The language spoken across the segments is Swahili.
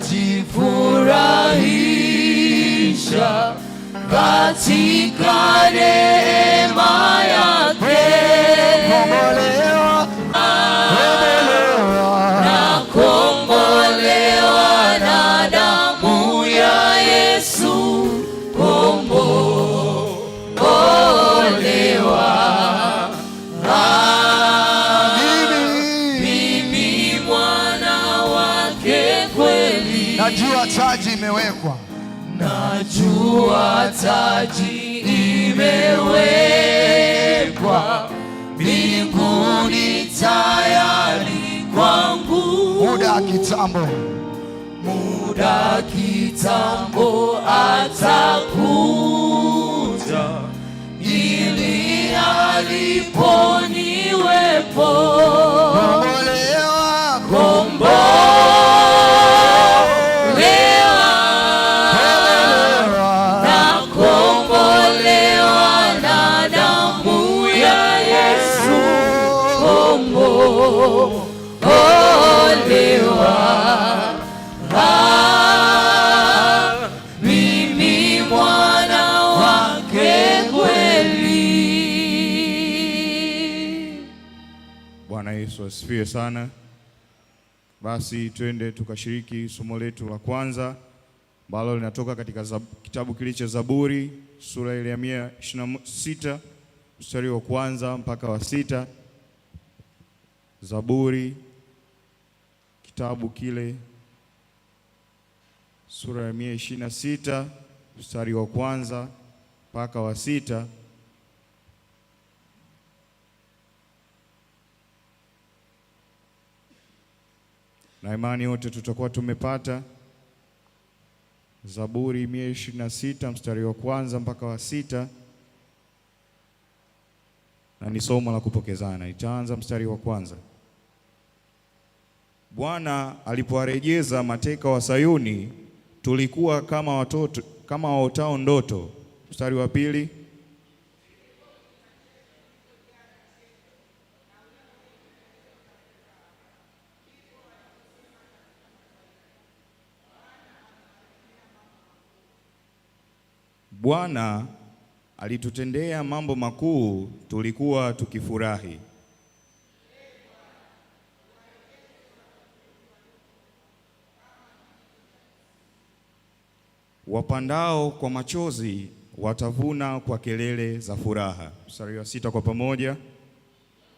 najifurahisha katika Najua taji imewekwa. Najua taji imewekwa mbinguni tayari kwangu. Muda kitambo, muda kitambo ataku ulioolewa Yesu asifiwe sana. Basi twende tukashiriki somo letu la kwanza ambalo linatoka katika zab, kitabu kile cha Zaburi sura ile ya mia ishirini na sita mstari wa kwanza mpaka wa sita. Zaburi, kitabu kile sura ya mia ishirini na sita mstari wa kwanza mpaka wa sita na imani yote tutakuwa tumepata. Zaburi mia ishirini na sita mstari wa kwanza mpaka wa sita na ni somo la kupokezana. Itaanza mstari wa kwanza. Bwana alipowarejeza mateka wa Sayuni, tulikuwa kama watoto kama waotao ndoto. Mstari wa pili. Bwana alitutendea mambo makuu, tulikuwa tukifurahi. Wapandao kwa machozi watavuna kwa kelele za furaha. Mstari wa sita kwa pamoja.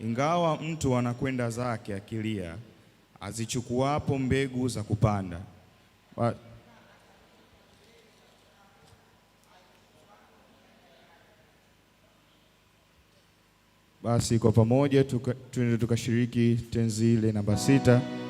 Ingawa mtu anakwenda zake akilia, azichukuapo mbegu za kupanda ba basi kwa pamoja tuende tuka tukashiriki tenzi ile namba sita.